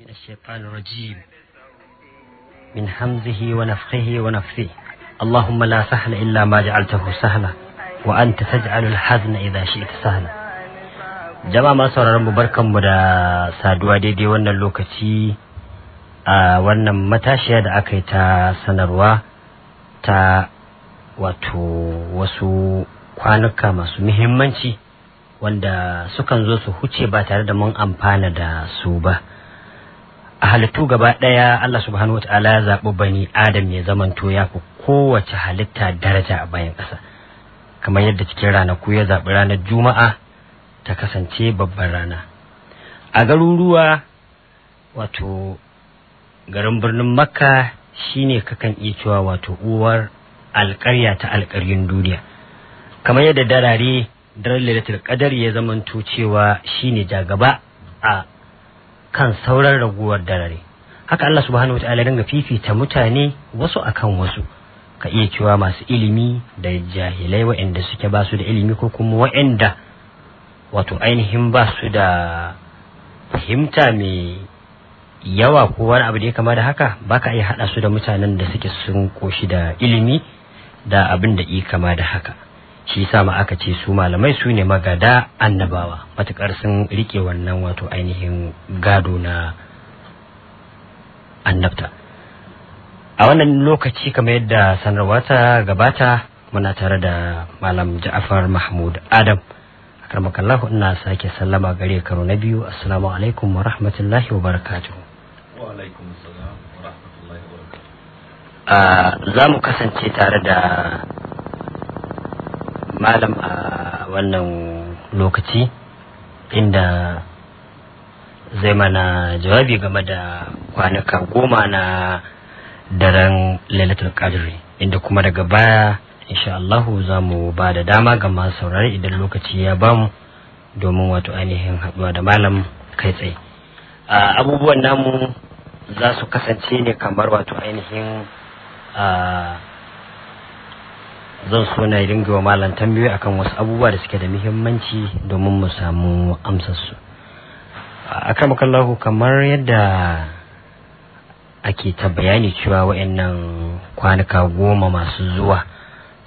من الشيطان الرجيم من همزه ونفخه ونفثه اللهم لا سهل إلا ما جعلته سهلا وأنت تجعل الحزن إذا شئت سهلا jama'a masu sauraron mu barkanmu da saduwa daidai wannan lokaci a wannan matashiya da aka yi ta sanarwa ta wato wasu kwanuka masu muhimmanci wanda sukan zo su huce ba tare da mun amfana da su ba a halittu gaba ɗaya Allah subhanahu wa ta'ala ya zaɓi bani Adam ya zamanto ya fi kowace halitta daraja a bayan ƙasa kamar yadda cikin ranaku ya zaɓi ranar juma'a ta kasance babban rana a garuruwa wato garin birnin makka shine kakan iya cewa wato uwar alƙarya ta alƙaryun duniya kamar yadda darare daren lalatar ƙadar ya zamanto cewa shine jagaba a kan sauran raguwar dare haka Allah subhanahu wataala dinga fifita mutane wasu akan wasu ka iya cewa masu ilimi da jahilai waɗanda suke ba su da ilimi ko kuma waɗanda wato ainihin ba su da fahimta mai yawa ko wani abu da ya kama da haka ba ka iya haɗa su da mutanen da suke sun koshi da ilimi da abin da iya kama da haka. shi sama aka ce su malamai su ne magada annabawa matukar sun rike wannan wato ainihin gado na annabta a wannan lokaci kamar yadda sanarwa ta gabata muna tare da malam ja'afar mahmud adam karmakallahu ina sake sallama gare karo na biyu assalamu alaikum wa rahmatullahi wa barakatuhu wa alaikum wa rahmatullahi wa ah, za mu kasance tare da malam a wannan lokaci inda zai mana jawabi game da kwanaka goma na daren lalatar kadiri inda kuma daga baya insha Allahu za mu ba da dama ga masu saurari idan lokaci ya bamu domin wato ainihin haɗuwa da malam kai tsaye abubuwan namu za su kasance ne kamar wato ainihin zan so na yi wa malam tambayoyi akan wasu abubuwa da suke da muhimmanci domin mu samu amsarsu akan makallahu kamar yadda ake ta bayani cewa wa'annan kwanuka goma masu zuwa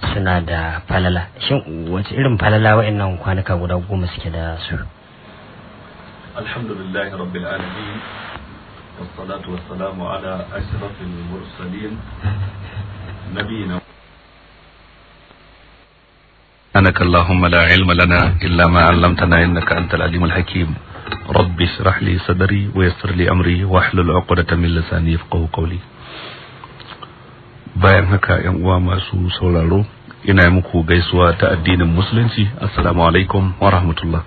suna da falala shin wace irin falala wa'annan kwanuka guda goma suke da su alhamdulillah rabbil alamin والصلاة والسلام على أشرف المرسلين نبينا سبحانك اللهم لا علم لنا إلا ما علمتنا إنك أنت العليم الحكيم رب اشرح لي صدري ويسر لي أمري واحلل عقدة من لساني يفقه قولي bayan haka yan uwa masu sauraro ina muku gaisuwa ta addinin musulunci assalamu alaikum wa rahmatullah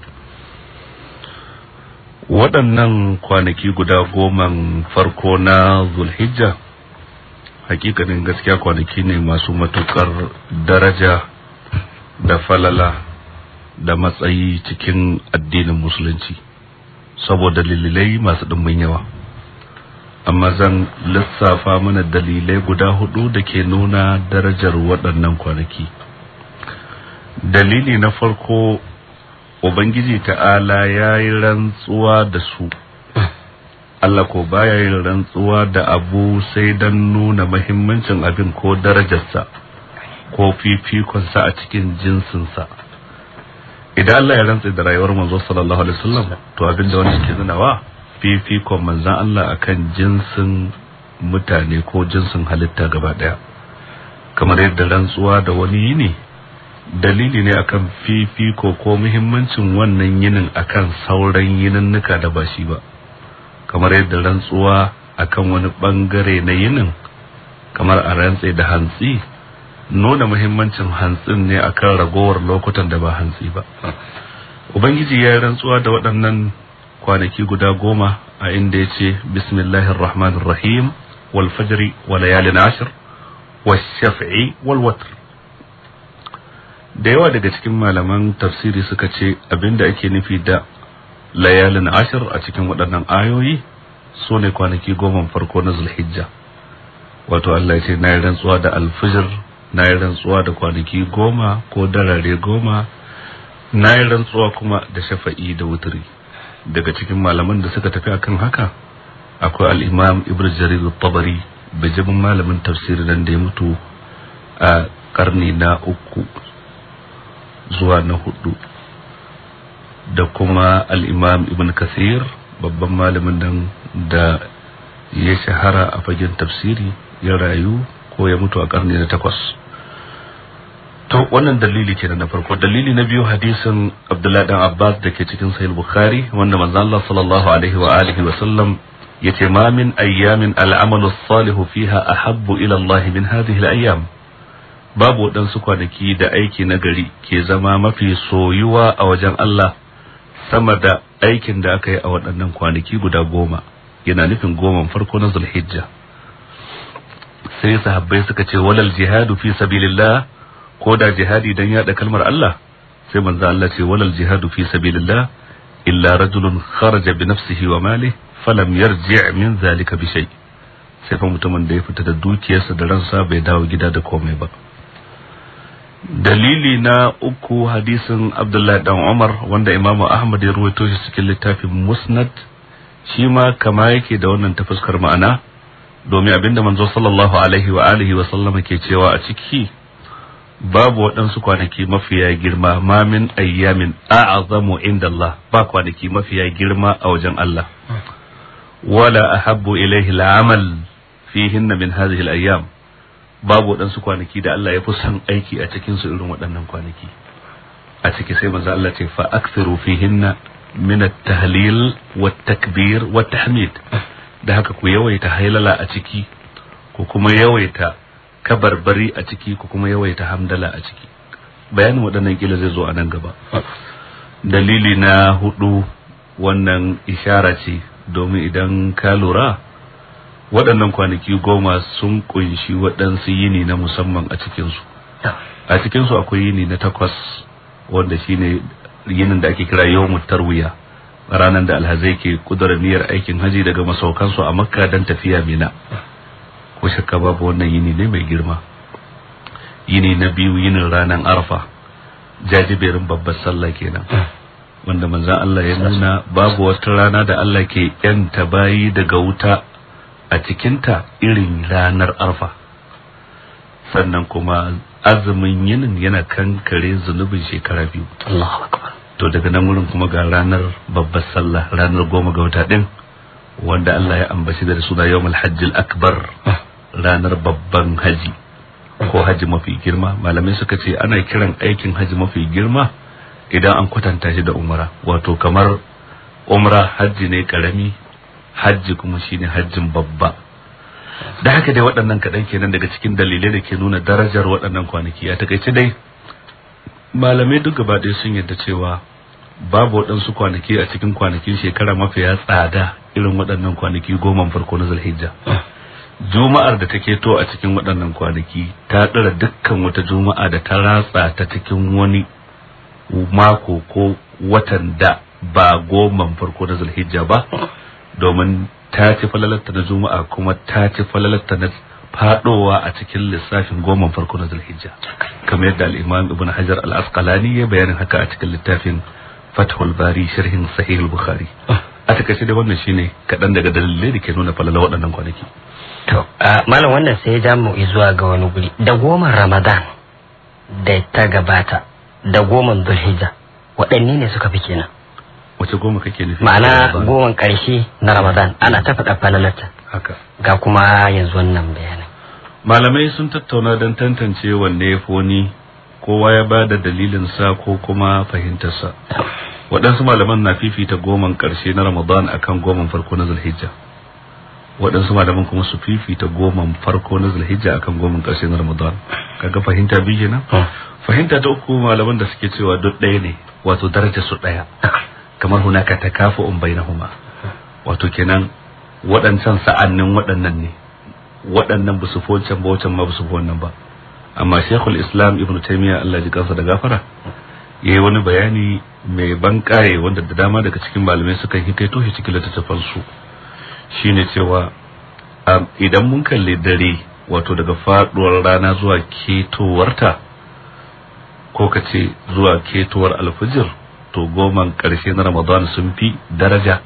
waɗannan kwanaki guda goman farko na zulhijja hakikanin gaskiya kwanaki ne masu matukar daraja da falala da matsayi cikin addinin musulunci saboda dalilai masu ɗumbin yawa amma zan lissafa mana dalilai guda hudu da ke nuna darajar waɗannan kwanaki dalili na farko ubangiji ta'ala ya yi rantsuwa da su Allah ko baya yin rantsuwa da abu sai don nuna mahimmancin abin ko darajarsa ko fifikonsa a cikin jinsinsa idan Allah ya rantsa da rayuwar manzo sallallahu alaihi wasallam to abin da wani ke nunawa fifikon manzon Allah akan jinsin mutane ko jinsin halitta gaba daya kamar yadda rantsuwa da wani yini dalili ne akan fifiko ko muhimmancin wannan yinin akan sauran yininnika da ba shi ba kamar yadda rantsuwa akan wani bangare na yinin kamar a rantse da hantsi nuna muhimmancin hantsin ne a akan ragowar lokutan da ba hantsi ba ubangiji ya yi rantsuwa da waɗannan kwanaki guda goma a inda ya ce bismillahir rahmanir rahim wal fajri wa layalin ashir wa shafi'i wal watr da yawa daga cikin malaman tafsiri suka ce abinda ake nufi da layalin ashir a cikin waɗannan ayoyi su ne kwanaki goma farko na zulhijja wato Allah ya ce na yi rantsuwa da alfijir na yi rantsuwa da kwanaki goma ko darare goma na yi rantsuwa kuma da shafa'i da wuturi daga cikin malaman da suka tafi akan haka akwai al'imam Ibrahim jarir tabari bijibin malamin tafsiri nan da ya mutu a karni na uku zuwa na hudu da kuma al'imam ibn kasir babban malamin nan da ya shahara a fagen tafsiri ya rayu ko ya mutu a karni na takwas to wannan dalili kenan na farko dalili na biyu hadisin Abdullahi dan Abbas da ke cikin Sahih Bukhari wanda manzo Allah sallallahu alaihi wa alihi wa sallam yace ma min ayyamin al'amalu salihu fiha ahabbu ila Allah min hadhihi ayyam. babu waɗansu kwanaki da aiki na gari ke zama mafi soyuwa a wajen Allah sama da aikin da aka yi a waɗannan kwanaki guda goma yana nufin goman farko na zulhijja sai sahabbai suka ce walal jihadu fi sabilillah ko da jihadi dan yada kalmar Allah sai manzo Allah ce walal jihadu fi sabilillah illa rajulun kharaja bi nafsihi wa malihi falam yarji' min zalika bi shay sai fa mutumin da ya fita da dukiyarsa da ransa bai dawo gida da komai ba dalili na uku hadisin abdullahi dan umar wanda imamu ahmad ya ruwaito shi cikin littafin musnad shi ma kama yake da wannan ta ma'ana domin abinda manzo sallallahu alaihi wa alihi wa sallama ke cewa a ciki babu waɗansu kwanaki mafiya girma mamin ayyamin a'azamu inda Allah ba kwanaki mafiya girma a wajen Allah wala ahabbu ilaihi al'amal fihinna min hadhihi al'ayyam babu waɗansu kwanaki da Allah ya fi son aiki a cikin su irin waɗannan kwanaki a ciki sai manzo Allah ce fa aktharu fihinna min at-tahlil wat-takbir wat-tahmid da haka ku yawaita hailala a ciki ku kuma yawaita kabarbari a ciki ku kuma yawaita hamdala a ciki bayanin waɗannan kila zai zo a nan gaba dalili na hudu wannan ishara ce domin idan ka lura waɗannan kwanaki goma sun kunshi waɗansu yini na musamman a cikinsu a cikinsu akwai yini na takwas wanda shine yinin da ake kira yawon tarwiya ranar da alhazai ke kudurar niyyar aikin haji daga masaukansu a makka don tafiya mina ko shakka babu wannan yini ne mai girma yini na biyu yinin ranar arfa jajiberin babbar sallah kenan wanda manzan Allah ya nuna babu wata rana da Allah ke yanta bayi daga wuta a cikinta irin ranar arfa sannan kuma azumin yinin yana kankare zunubin shekara biyu to daga nan wurin kuma ga ranar babbar sallah ranar goma ga wata din wanda Allah ya ambaci da suna yawmul hajjil akbar ranar babban haji ko haji mafi girma malamai suka ce ana kiran aikin haji mafi girma idan an kwatanta shi da umra wato kamar umra haji ne karami haji kuma shine hajjin babba da haka dai waɗannan kaɗan kenan daga cikin dalilai da ke nuna darajar waɗannan kwanaki a takaice dai malamai duk gaba ɗaya sun yadda cewa babu waɗansu kwanaki a cikin kwanakin shekara mafiya tsada irin waɗannan kwanaki goma farko na zulhijja juma'ar da take to a cikin waɗannan kwanaki ta ɗara dukkan wata juma'a da ta ratsa ta cikin wani mako ko watan da ba goman farko na zulhijja ba domin ta ci falalarta na juma'a kuma ta ci falalarta na fadowa a cikin lissafin goman farko na zulhijja kamar yadda al-imam ibn hajar al-asqalani ya bayanin haka a cikin littafin fathul bari sharhin sahih al-bukhari a takaice da wannan shine kadan daga dalilai da ke nuna falala waɗannan kwanaki to malam wannan sai ya jamu zuwa ga wani guri da goma ramadan da ta gabata da goman zulhijja waɗanne ne suka fi kenan wace goma kake nufi ma'ana goman karshe na ramadan ana ta faɗa falalarta haka ga kuma yanzu wannan bayanin malamai sun tattauna don tantance wanne ya foni kowa ya ba da dalilinsa ko kuma fahimtarsa waɗansu malaman na fifita goman ƙarshe na ramadan akan goman farko na zulhijja waɗansu malaman kuma su fifita goman farko na zulhijja akan goman ƙarshe na ramadan kaga fahimta biyu kenan hmm. fahimta ta uku malaman da suke cewa duk ɗaya ne wato daraja su ɗaya kamar hunaka ta kafa umbai na huma wato kenan waɗancan sa'annin waɗannan ne waɗannan ba su wancan ba wancan ma ba su fi wannan ba amma shekul islam ibn taimiya allah ji kansa da gafara ya yi wani bayani mai ban ƙaye wanda da dama daga cikin malamai suka yi kai toshe cikin littattafan su shine cewa idan mun kalli dare wato daga faduwar rana zuwa ketowarta ko ka ce zuwa ketowar alfijir to goman karshe na ramadan sun fi daraja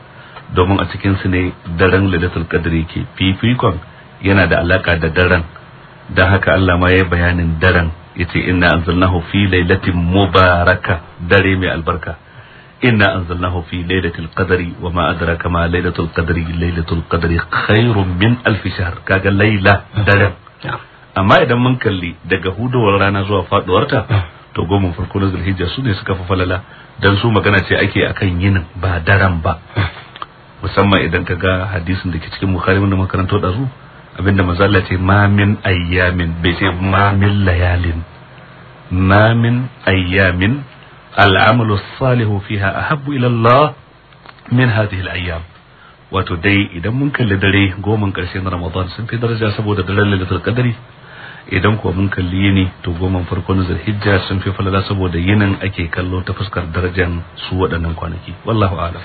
domin a cikinsu ne daren lalatar kadri ke fifikon yana da alaka da daren da haka Allah ma yayi bayanin daren yace inna anzalnahu fi lailatin mubaraka dare mai albarka inna anzalnahu fi lailatul qadri wa ma adraka ma lailatul qadri lailatul qadri khairun min alf shahr kaga laila daren amma idan mun kalli daga huduwar rana zuwa faduwarta to goma farko na zulhijja su ne suka fa falala dan su magana ce ake akan yin ba daren ba musamman idan ka ga hadisin da ke cikin bukhari wanda makarantar da su abinda manzo Allah ce ma ayyamin bai ce ma min layalin mamin ayyamin al'amalu salihu fiha ahabbu ila Allah min hadhihi al-ayyam wato dai idan mun kalli dare goman karshen Ramadan sun fi daraja saboda daren Lailatul Qadri idan kuwa mun kalli yini to goman farko na zulhijja sun fi falala saboda yinin ake kallo ta fuskar darajar su waɗannan kwanaki wallahu alam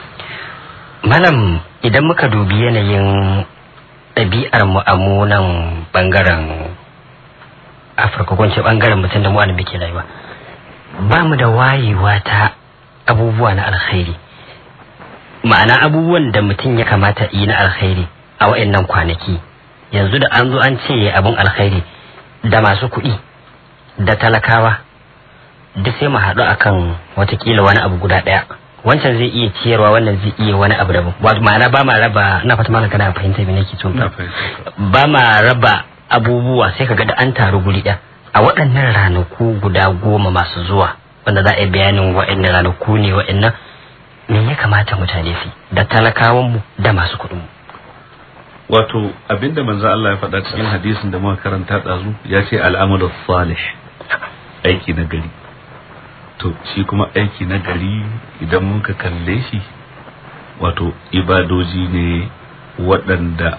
malam idan muka dubi yanayin ɗabi'ar mu a munan bangaren afirka ko ce bangaren mutum da mu anan muke rayuwa ba mu da wayewa ta abubuwa na alkhairi ma'ana abubuwan da mutum ya kamata yi na alkhairi a wa'in nan kwanaki yanzu da an zo an ce abin alkhairi da masu kuɗi da talakawa duk sai mu haɗu akan watakila wani abu guda ɗaya wancan zai iya ciyarwa wannan zai iya wani abu daban wato ma'ana ba ma raba na fata ma kana fahimta me nake tun ba ma raba abubuwa sai kaga da an taru guri ɗaya a waɗannan ranaku guda goma masu zuwa wanda za a yi bayanin waɗannan ranaku ne waɗannan me ya kamata mutane su da talakawan mu da masu kuɗin mu wato abinda manzo Allah ya faɗa cikin hadisin da muka karanta dazu ya ce al'amalu salih aiki na gari to shi kuma aiki na gari idan muka kalle shi wato ibadoji ne waɗanda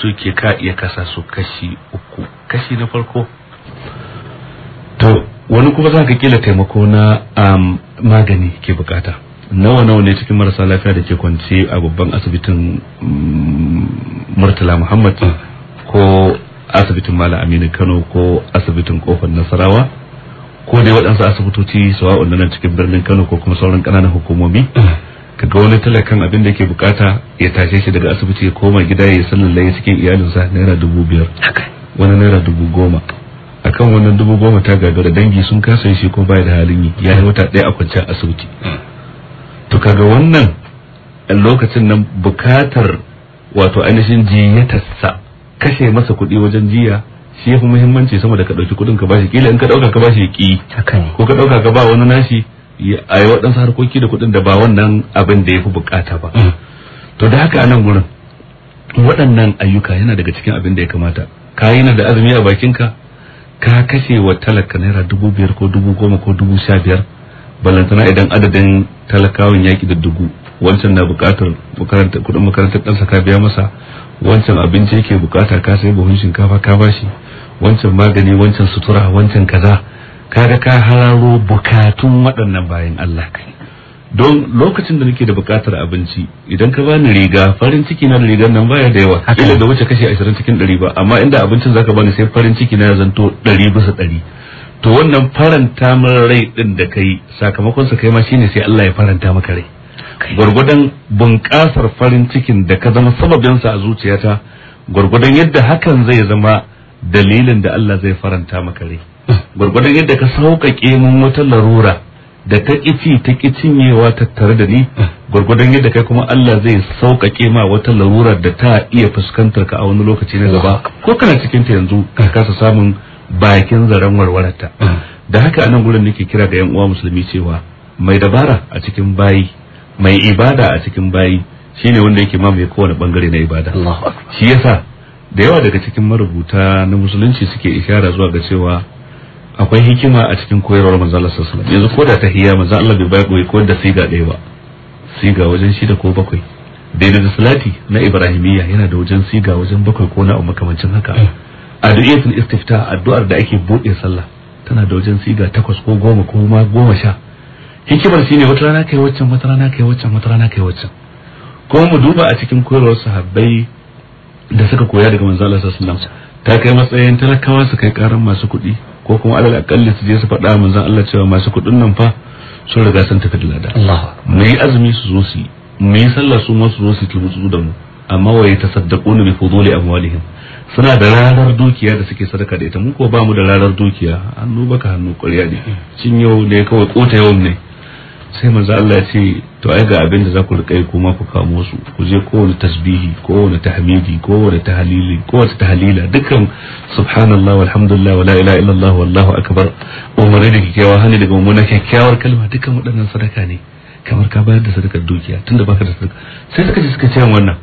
suke ka iya kasa su kashi uku kashi na farko to wani kuma za ka kila taimako na um, magani ke bukata nawa nawa ne cikin marasa lafiya da ke kwance a babban asibitin mm, murtala muhammad ko asibitin malam aminu kano ko asibitin kofar nasarawa ko dai waɗansu asibitoci sawa'un nan cikin birnin Kano ko kuma sauran ƙananan hukumomi kaga wani talakan abin da yake bukata ya tashe shi daga asibiti ya koma gida ya sanin layi cikin iyalinsa naira dubu biyar wani naira dubu goma akan wannan dubu goma ta gagara dangi sun kasa shi ko baya da halin yi ya yi wata ɗaya a a asibiti to kaga wannan lokacin nan bukatar wato ainihin jiyatarsa kashe masa kuɗi wajen jiya shi yafi muhimmanci sama da ka kuɗin kudin ka bashi kila in ka ɗauka ka bashi ki ko ka ɗauka ka ba wani nashi a yi waɗansu harkoki da kuɗin da ba wannan abin da ya fi buƙata ba mm. to da haka anan wurin waɗannan ayyuka yana daga cikin abin da ya kamata ka yi na da azumi a bakinka ka kashe wa talaka naira dubu biyar ko dubu goma ko dubu sha biyar balantana idan adadin talakawan yaƙi da dubu wancan na buƙatar kudin makarantar ɗansa ka biya masa wancan abinci yake bukata ka sai buhun shinkafa ka bashi wancan magani wancan sutura wancan kaza kaga ka hararo bukatun waɗannan bayan Allah kai don lokacin da nake da bukatar abinci idan ka bani riga farin ciki na da rigar nan baya da yawa ila da wuce kashe 20 cikin 100 ba amma inda abincin zaka bani sai farin ciki na zanto 100 bisa 100 to wannan faranta min rai din da kai sakamakon sa kai ma shine sai Allah ya faranta maka rai gurgudan bunƙasar farin cikin da ka zama sababin sa a zuciyata gurgudan yadda hakan zai zama dalilin da Allah zai faranta maka rai gurgurdan yadda ka sauƙaƙe mun wata larura da ta ƙici ta ƙi cinyewa tattare da ni gurgurdan yadda kai kuma Allah zai sauƙaƙe ma wata larura da ta iya fuskantar ka a wani lokaci na gaba ko kana cikin ta yanzu ka kasa samun bakin zaren warwararta da haka anan gurin nake kira ga yan uwa musulmi cewa mai dabara a cikin bayi mai ibada a cikin bayi shine wanda yake mamaye kowane bangare na ibada shi yasa da yawa daga cikin marubuta na musulunci suke ishara zuwa ga cewa akwai hikima a cikin koyarwar manzo Allah sallallahu alaihi yanzu ko da tahiyya manzo Allah bai bai ko da siga ɗaya ba siga wajen shida ko bakwai daidai da salati na ibrahimiyya yana da wajen siga wajen bakwai ko na makamancin haka A addu'atul istifta addu'ar da ake buɗe sallah tana da wajen siga takwas ko goma ko ma goma sha hikimar shine wata rana kai waccan wata rana kai waccan wata rana kai waccan kuma mu duba a cikin koyarwar sahabbai da suka koya daga manzo Allah sallallahu alaihi wasallam ta kai matsayin talakawa su kai karan masu kuɗi ko kuma alal akalli su je su faɗa manzo Allah cewa masu kuɗin nan fa sun riga sun tafi da lada mu yi azumi su zo su yi mu yi sallah su ma su zo su tilmutsu da mu amma wa ya tasaddaquna bi fuduli amwalihim suna da rarar dukiya da suke sadaka da ita mu ko ba mu da rarar dukiya hannu baka hannu ƙarya ne cin yau ne kawai kota yau ne sai manzo Allah ya ce to ai ga abin da za ku riƙa kuma ku kamo su ku je kowane tasbihi kowane tahmidi kowane tahlili kowace tahlila dukkan subhanallah walhamdulillah wala ilaha illallah wallahu akbar umarni da kyakkyawa hani daga mummuna kyakkyawar kalma dukkan waɗannan sadaka ne kamar ka bayar da sadakar dukiya tunda baka da sadaka sai suka ji suka ce wannan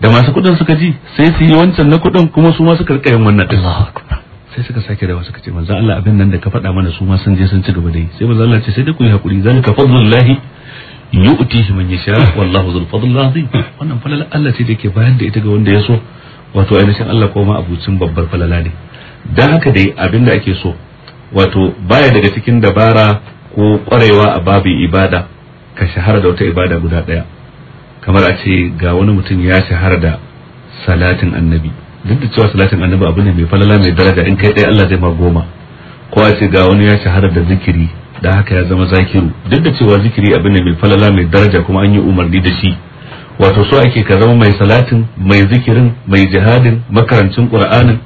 da masu kuɗin suka ji sai su yi wancan na kuɗin kuma su ma suka riƙa yin wannan Allahu akbar sai suka sake dawa suka ce manzo Allah abin nan da ka faɗa mana su ma sun je sun ci gaba da yi sai manzo Allah ce sai dai ku yi hakuri zalika fadlullahi yu'tihi man yasha wallahu dhul fadl azim wannan falala Allah ce da yake bayan da ita ga wanda ya so wato ainihin Allah koma ma abucin babbar falala ne dan haka dai abin da ake so wato baya daga cikin dabara ko kwarewa a babin ibada ka shahara da wata ibada guda daya kamar a ce ga wani mutum ya shahara da salatin annabi duk da cewa salatin annabi abu ne mai falala mai daraja in kai ɗaya Allah zai ma goma ko a ce ga wani ya shahara da zikiri da haka ya zama zakiru duk da cewa zikiri abin ne mai falala mai daraja kuma an yi umarni da shi wato so ake ka zama mai salatin mai zikirin mai jihadin makarancin qur'anin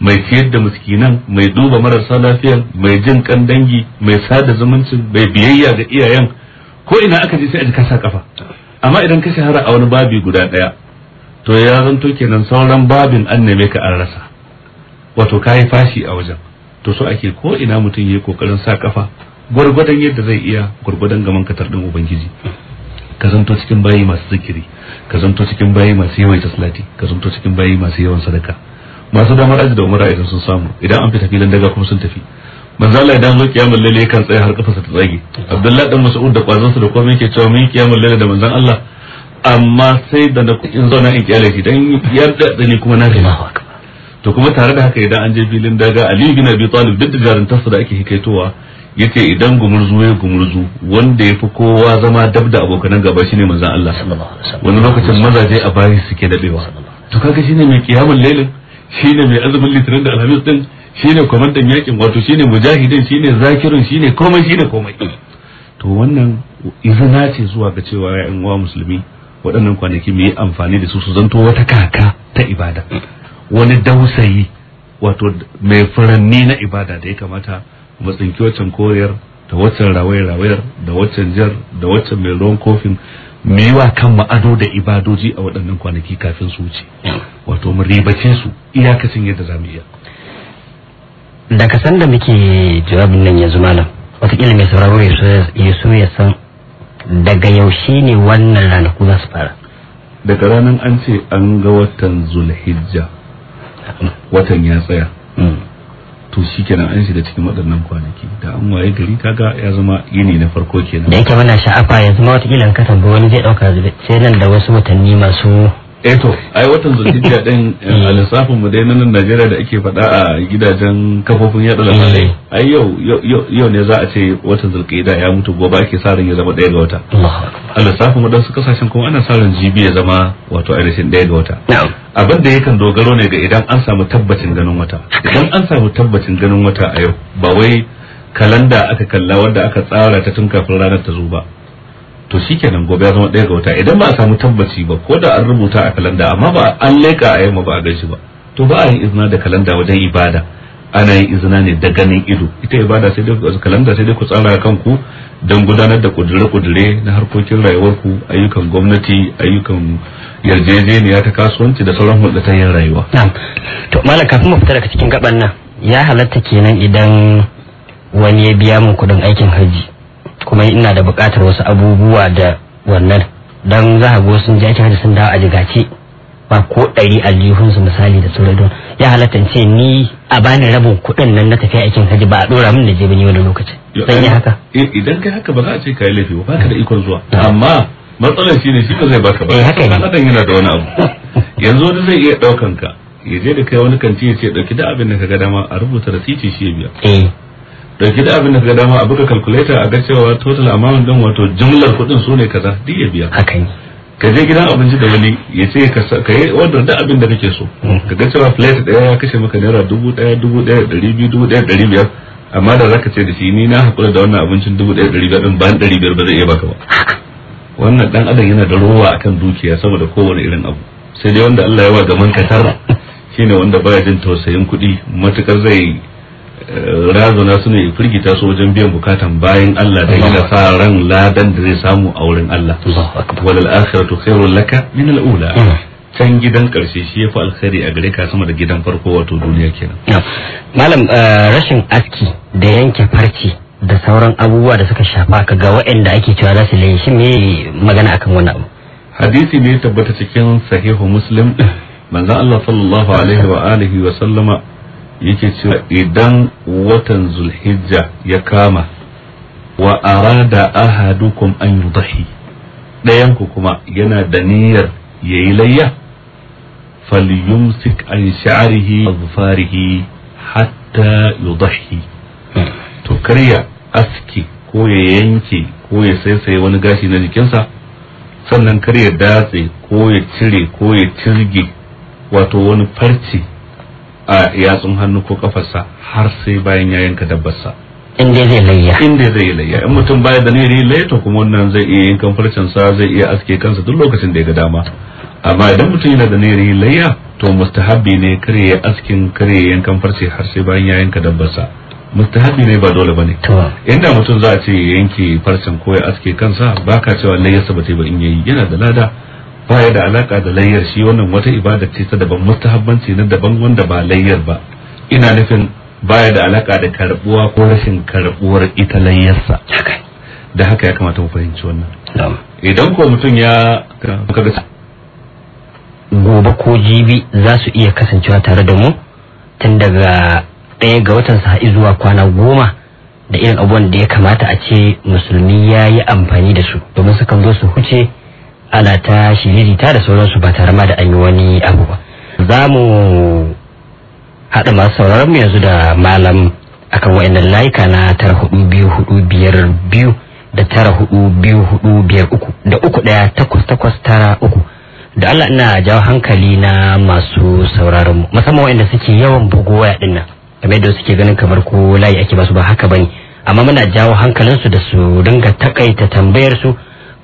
mai ciyar da miskinan mai duba marasa lafiyan mai jin kan dangi mai sada zumuncin mai biyayya ga iyayen ko ina aka je sai a sa kafa amma idan ka shahara a wani babi guda daya to ya zanto kenan sauran babin an ka an rasa wato kayi fashi a wajen to so ake ko ina mutum yayi kokarin sa kafa gwargwadon yadda zai iya gwargwadon gaman katar din ubangiji ka zanto cikin bayi masu zikiri ka zanto cikin bayi masu yawan salati ka zanto cikin bayi masu yawan sadaka masu damar aji da umara idan sun samu idan an fita filin daga kuma sun tafi manzo Allah idan zo kiyamul laili kan tsaya har kafa sa ta tsage Abdullahi dan Mas'ud da kwazon sa da komai yake cewa mun kiyamul laili da manzon Allah amma sai da na in zauna in kiyale shi dan yarda da ni kuma na rima to kuma tare da haka idan an je filin daga Ali bin Abi Talib duk da jarin da ake hikaitowa yace idan gumurzu ya gumurzu wanda ya fi kowa zama dab da abokanan gaba shine manzon Allah wani lokacin mazaje a bayi suke dabewa to kaga shine mai kiyamul lailin shine mai azumin litinin da alhamis din shine kwamandan yakin wato shine mujahidin shine zakirin shine komai shine komai to wannan izina ce zuwa ga cewa ya'yan uwa musulmi waɗannan kwanaki mu yi amfani da su su zanto wata kaka ta ibada wani dausayi wato mai furanni na ibada da ya kamata ba tsinki waccan koriyar da waccan rawayar-rawayar da waccan jar da waccan mai ruwan kofin mu yi wa kan ma'ano da ibadoji a waɗannan kwanaki kafin su wuce wato mu ribace su iyakacin yadda za mu iya daga sanda muke jawabin nan yanzu malam wataƙila mai sauraro ya so ya san daga yaushe ne wannan ranaku za su fara daga ranar an ce an ga watan zulhijja watan ya tsaya mm. to shi kenan an shiga cikin waɗannan kwanaki da an waye gari kaga ya zama yini na farko kenan da yake mana sha'afa ya zama watakila ka tambayi wani zai ɗauka sai nan da wasu watanni masu Eto eh ai watan zulhijja din eh, a lissafin mu dai nan Najeriya da ake faɗa a gidajen kafofin yaɗa labarai mm. ai yau yau ne za a ce watan zulqa'ida ya mutu gobe ake sa ran ya zama ɗaya ga wata a lissafin su kasashen kuma ana sa ran jibi ya zama wato ainihin ɗaya ga wata abin da yakan dogaro ne ga idan an samu tabbacin ganin wata idan an samu tabbacin ganin wata a yau ba wai kalanda aka kalla wanda aka tsara ta tun kafin ranar ta zo ba to shi kenan gobe ya zama ɗaya ga wata idan ba a samu tabbaci ba ko da an rubuta a kalanda amma ba an leƙa a yamma ba a gaishe ba to ba a yi izina da kalanda wajen ibada ana yin izina ne da ganin ido ita ibada sai dai kalanda sai dai ku tsara kanku don gudanar da kudure-kudure na harkokin rayuwarku ayyukan gwamnati ayyukan yarjejeniya ta kasuwanci da sauran yin rayuwa. to malam kafin mu fita daga cikin gaban nan ya halatta kenan idan wani ya biya mu kuɗin aikin hajji kuma ina da buƙatar wasu abubuwa da wannan don za a sun je aikin sun dawo a jigace ba ko ɗari jihunsu misali da sauran don ya halatta ce ni a bani rabin kuɗin nan na tafiya aikin haji ba a ɗora min da je bani wani lokaci zan yi eh, haka eh, idan kai haka ba za a ce kayi laifi ba ka da hmm. ikon zuwa hmm. amma matsalar shi ne shi ba zai baka ba eh, dan adam yana da wani abu yanzu wani zai iya ɗaukan ka ya je da kai wani kanti ya ce ɗauki da abin da ka ga dama a rubuta rasiti shi ya biya dauki da abin da ga dama a buga calculator a ga cewa total amount din wato jumlar kudin sune kaza duk ya biya haka ka je gidan abinci da wani ya ce ka yi wadda da abin da kake so hmm. ka ga cewa plate daya ya kashe maka naira dubu daya dubu daya dari biyu dubu daya dari biyar amma da zaka ce da shi ni na hakura da wannan abincin dubu daya dari biyar din ban dari biyar ba zai iya baka ba wannan dan adam yana da rowa akan dukiya saboda kowane irin abu sai dai wanda Allah ya wa gaman katara shine wanda baya jin tausayin kuɗi matukar zai razana suna ne firgita su wajen biyan bukatan bayan Allah da yana sa ran ladan da zai samu a wurin Allah walal akhiratu khairul laka min al ula hmm. can gidan karshe shi yafi alkhairi a gare ka sama da gidan farko wato duniya kenan malam eh, rashin aski da yanke farci da sauran abubuwa da suka shafa ka ga waɗanda ake cewa za su laye shi me magana akan wannan abu hadisi ne tabbata cikin sahihu muslim hmm. manzon Allah sallallahu alaihi wa alihi wa sallama yake cewa idan watan zulhijja ya kama wa arada ahadukum an yudahi ɗayanku kuma yana da niyyar yayi layya falyumsik an sha'arihi wa zufarihi hatta yudahi to karya aski ko ya yanke ko ya saisaye wani gashi na jikinsa sannan karya datse ko ya cire ko ya cirge wato wani farci. a yatsun hannu ko kafarsa har sai bayan ya yanka dabbarsa in zai layya in zai layya mutum baya da niri layya to kuma wannan zai iya yin kamfarcin sa zai iya aske kansa duk lokacin da ya ga dama amma idan mutum yana da niri layya to mustahabi ne kare ya askin kare ya yankan farce har sai bayan ya yanka dabbarsa mustahabi ne ba dole bane inda mutum za a ce ya yanke farcen ko ya aske kansa baka cewa layyasa ba ba in yayi yana da lada baya da alaka da layyar shi wannan wata ibada ce ta daban mustahabbanci na daban wanda ba layyar ba ina nufin baya da alaka da karbuwa ko rashin karbuwar ita layyarsa da haka ya kamata mu fahimci wannan idan ko mutum ya gobe ko jibi za su iya kasancewa tare da mu tun daga ɗaya ga watan sa zuwa kwana goma da irin abubuwan da ya kamata a ce musulmi ya yi amfani da su domin sukan zo su huce ana ta shiririta da sauransu ba tare ma da an yi wani abu ba za mu haɗa masu sauraron mu yanzu da malam akan wa'annan layuka na tara hudu biyu hudu biyar biyu da tara hudu biyu hudu biyar uku da uku ɗaya takwas takwas tara uku da Allah ina jawo hankali na masu sauraron mu musamman wa'anda suke yawan bugu waya din nan kamar yadda suke ganin kamar ko layi ake basu ba haka bane amma muna jawo hankalinsu da su dinga takaita tambayar su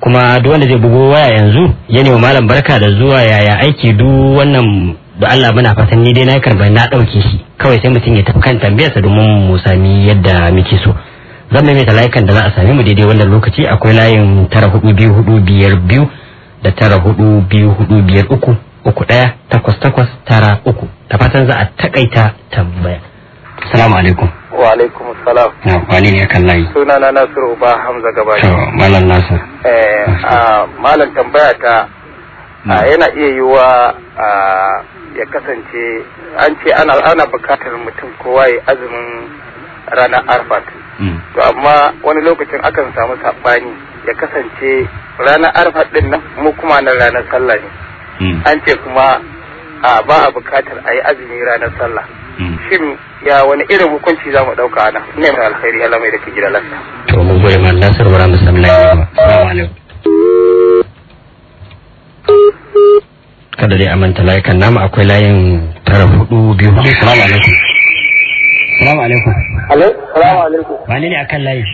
kuma duk wanda zai bugo waya yanzu ya nemi malam barka da zuwa yaya aiki duk wannan da Allah muna fatan ni dai na karba na dauke shi kawai sai mutum ya tafi kan tambayar sa domin mu sami yadda muke so zan maimaita layukan da za a sami mu daidai wannan lokaci akwai layin tara hudu biyu hudu biyar biyu da tara hudu biyu hudu biyar uku uku ɗaya takwas takwas tara uku da fatan za a takaita tambaya assalamu alaikum wa alaikum salam wani ne kan layi suna na nasiru uba hamza gabani to malam nasir eh malam tambaya ta yana iya yiwa ya kasance an ce ana ana bukatar mutum kowa ya azumin ranar arfat mm. to amma wani lokacin akan samu saɓani ya kasance ranar arfat din nan mu kuma nan ranar sallah ne mm. an ce kuma ba a bukatar a yi azumi ranar sallah shin ya wani irin hukunci za mu ɗauka ana ne mai alkhairi Allah mai da ke gida lafiya. To mun gode ma Nasir Bura Musamman Yawa. Assalamu alaikum. Kada dai amanta layukan namu akwai layin tara hudu biyu. Assalamu alaikum. Assalamu alaikum. Alo, assalamu alaikum. Wani ne akan layi?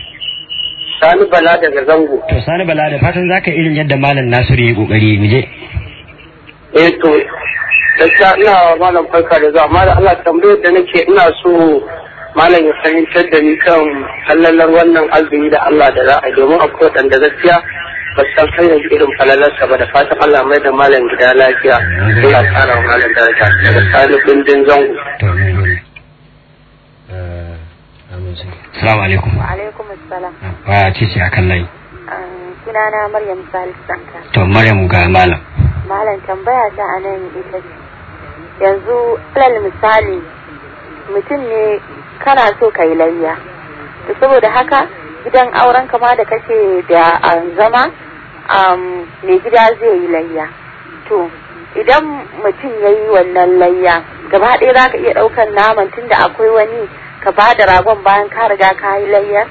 Sani Bala daga Zango. To Sani Bala da fatan zaka irin yadda Malam Nasiru ya kokari mu je. Eh to gaskiya ina wa malam farka da zuwa amma da Allah tambayar da nake ina so malam ya fahimtar da ni kan hallalar wannan azumi da Allah da za a domin akwai waɗanda gaskiya ba san kai yanzu irin sa ba da fatan Allah mai da malam gida lafiya ina tsara wa malam da ta, daga tsari bindin zango. Salamu alaikum. Wa alaikum assalam. Ah, ba ce ce kan layi. Sunana Maryam Salisu Sanka. To Maryam ga malam. Malam tambaya ta anan ita ce yanzu alal misali mutum ne kana so ka yi layya to saboda haka gidan auren kama da kake da um, zama um, mai gida zai yi layya to idan mutum ya yi wannan layya gaba ɗaya za ka iya ɗaukar naman tun da akwai wani ka ba da ragon bayan ka riga ka yi layyar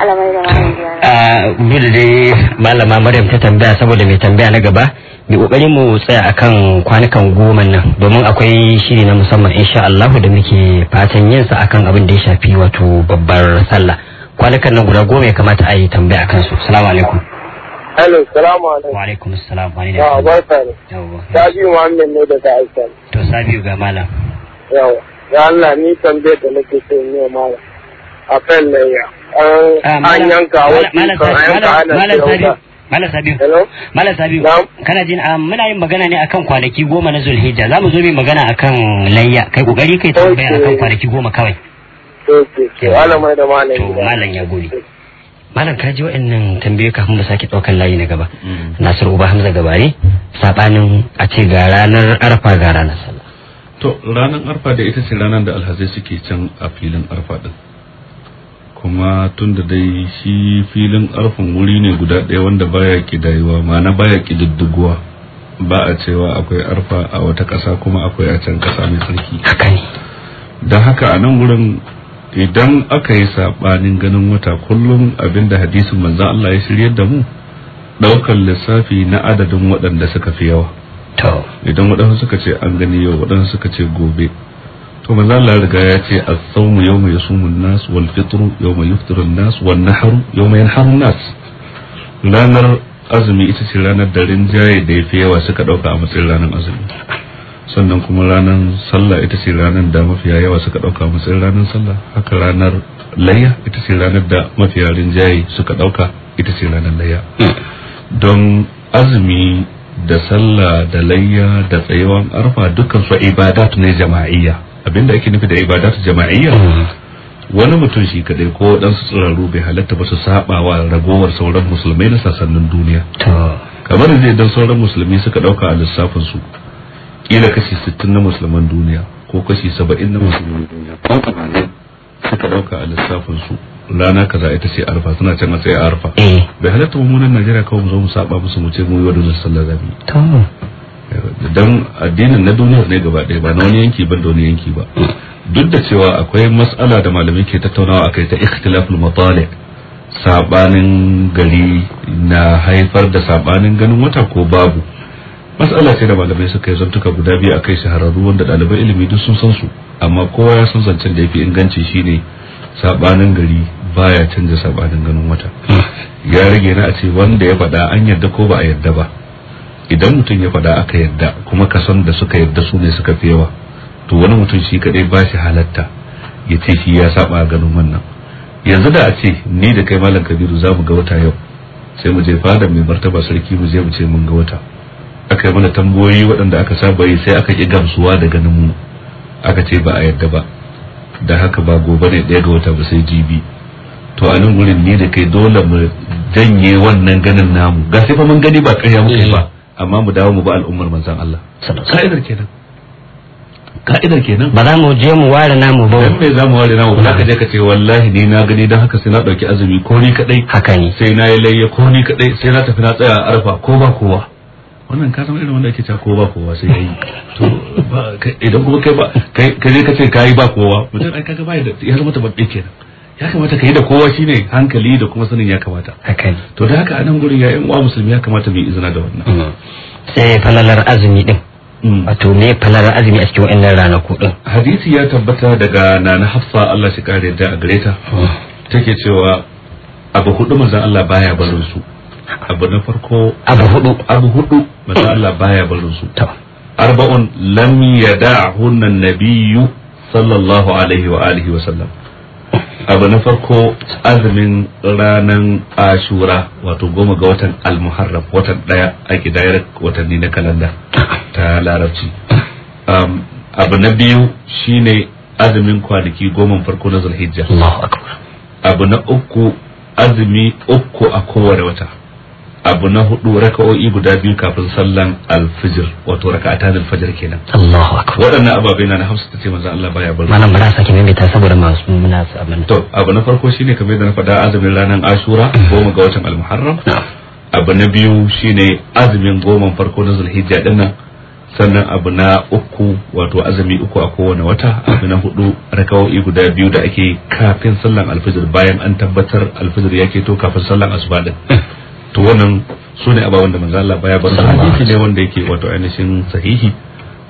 alamai da malama ah, dai malama maryam ta tambaya saboda mai tambaya na gaba bi kokari mu tsaya akan kwanukan goma nan domin akwai shiri na musamman insha Allah da muke fatan yin sa akan abin da ya shafi wato babbar sallah kwanukan nan guda goma ya kamata a yi tambaya akan su assalamu alaikum Hello, assalamu alaikum. Wa alaikum salam. Wani ne? Yawa, barka ne. Sabiu Muhammad ne daga aika To, Sabiu ga malam. Yawa, ya Allah ni tambayar da nake so ne malam. A kan ya. Ah, an yanka wasu kan an yanka ana Mala Sabiu. Mala Sabiu. Kana jin ah, muna yin magana ne akan kwanaki goma na Zulhijja. Za mu zo mai magana akan layya. Kai kokari kai tambaya akan kwanaki goma kawai. To malam ya gode. Malam ka ji wa'annan kafin mu sake daukan layi na gaba. Mm. Nasiru Uba Hamza Gabari sabanin a ce ga ranar Arfa ga ranar Sallah. To ranar Arfa da ita ce ranar da alhazai suke can a filin Arfa din. kuma tunda dai shi filin arfin wuri ne guda ɗaya wanda baya kidayuwa ma'ana baya kididdiguwa ba a cewa akwai arfa a wata ƙasa kuma akwai a can ƙasa mai sarki don haka a nan wurin idan aka yi saɓanin ganin wata kullum abinda hadisin manzan Allah ya shirya da mu ɗaukar lissafi na adadin waɗanda suka fi yawa idan waɗansu suka ce an gani yau waɗansu suka ce gobe to manzo Allah riga ya ce as-sawmu yawma yasumu an-nas wal fitru yawma yuftiru an-nas wan nahru yawma yanharu an-nas ranar azumi ita ce ranar da rinjaye da yafi yawa suka dauka a matsayin ranar azumi sannan kuma ranar sallah ita ce ranar da mafiya yawa suka dauka a matsayin ranar sallah haka ranar layya ita ce ranar da mafiya rinjaye suka dauka ita ce ranar layya don azumi da sallah da layya da tsayuwan arfa dukkan su ibadat ne jama'iyya abinda ake nufi da ibadatu jama'iyya hmm. wani mutum shi kadai ko waɗansu tsirarru bai halatta ba su saba wa ragowar sauran musulmai na sassanin duniya kamar da dan sauran musulmi suka ɗauka a lissafin su kila kashi sittin na musulman duniya ko kashi saba'in na musulman duniya ko suka ɗauka a lissafin su rana kaza ita ce arfa suna can a tsaye arfa eh. bai halatta mu nan najeriya kawai mu zo mu saba musu mu ce mu yi wa dole sallar zabi don addinin na duniyar ne gaba ɗaya ba na wani yanki ban da wani yanki ba duk da cewa akwai matsala da malamai ke tattaunawa akai ta ikhtilaful matali sabanin gari na haifar da sabanin ganin wata ko babu matsala ce da malamai suka yi zantuka guda biyu akai shahararru wanda ɗalibai ilimi duk sun san su amma kowa ya san zancen da yafi inganci shine sabanin gari baya canza sabanin ganin wata hmm. ya rage na a ce wanda ya faɗa an yarda ko ba a yarda ba idan mutum ya faɗa aka yadda kuma san da suka yadda su ne suka fi yawa to wani mutum shi kaɗai ba shi halatta ya ce shi ya saba ganin wannan yanzu da a ce ni da kai malam kabiru za mu ga wata yau sai mu je fada mai martaba sarki mu je mu ce mun ga wata aka yi mana tambayoyi waɗanda aka saba yi sai aka ƙi gamsuwa da ganin mu aka ce ba a yadda ba da haka ba gobe ne ɗaya ga wata ba sai jibi to a nan gurin ni da kai dole mu janye wannan ganin namu ga sai fa mun gani ba ƙarya muke ba eh. amma mu dawo mu ba al'ummar manzon Allah ka'idar kenan ka'idar kenan ba za mu je mu ware namu ba dan me za mu ware namu ba ka je ka ce wallahi ni na gani dan haka sai na dauki azumi ko ni kadai haka ne sai na yi layya ko ni kadai sai na tafi na tsaya a arfa ko ba kowa wannan ka san irin wanda ake cewa ko ba kowa sai yayi to idan kuma kai ba kai ka je ka ce kai ba kowa mutum ai kaga bai da ya zama tabbabe kenan ya kamata ka yi da kowa shine hankali da kuma sanin ya kamata to da haka anan gurin yayin uwa musulmi ya kamata bi izina da wannan mm. sai falalar azumi din mm. wato me falalar azumi a cikin wannan ko din hadisi ya tabbata daga nana hafsa Allah shi kare da a gareta mm. take cewa abu hudu manzon Allah baya barin su abu na farko abu hudu abu hudu manzon Allah baya barin su arba'un lam yada'hunna nabiyyu sallallahu alaihi wa alihi wa sallam abu na farko azumin ranar ashura wato goma ga watan almuharram watan daya a kidayar watanni na kalanda ta larabci um, abu na biyu shine azumin kwanaki goma farko na zulhijja abu na uku azumi uku a kowane wata abu na hudu raka'o'i guda biyu kafin sallan alfijir wato raka'atan fajar kenan Allahu akbar wadannan ababai na Hafsa tace manzo Allah baya bar. malam bara sake mai ta saboda masu muna abin to abu na farko shine kamar da na faɗa azumin ranar Ashura mm. goma ga watan almuharram abu na biyu shine azumin goma farko na Zulhijja dinnan sannan abu na uku wato azumi uku a kowane wata abu na hudu raka'o'i guda biyu da ake kafin sallan alfijir bayan an tabbatar alfijir ya ke to kafin sallan asuba din mm. to wannan su ne abawan da manzan Allah baya bar sa hadisi ne wanda yake wato ainihin sahihi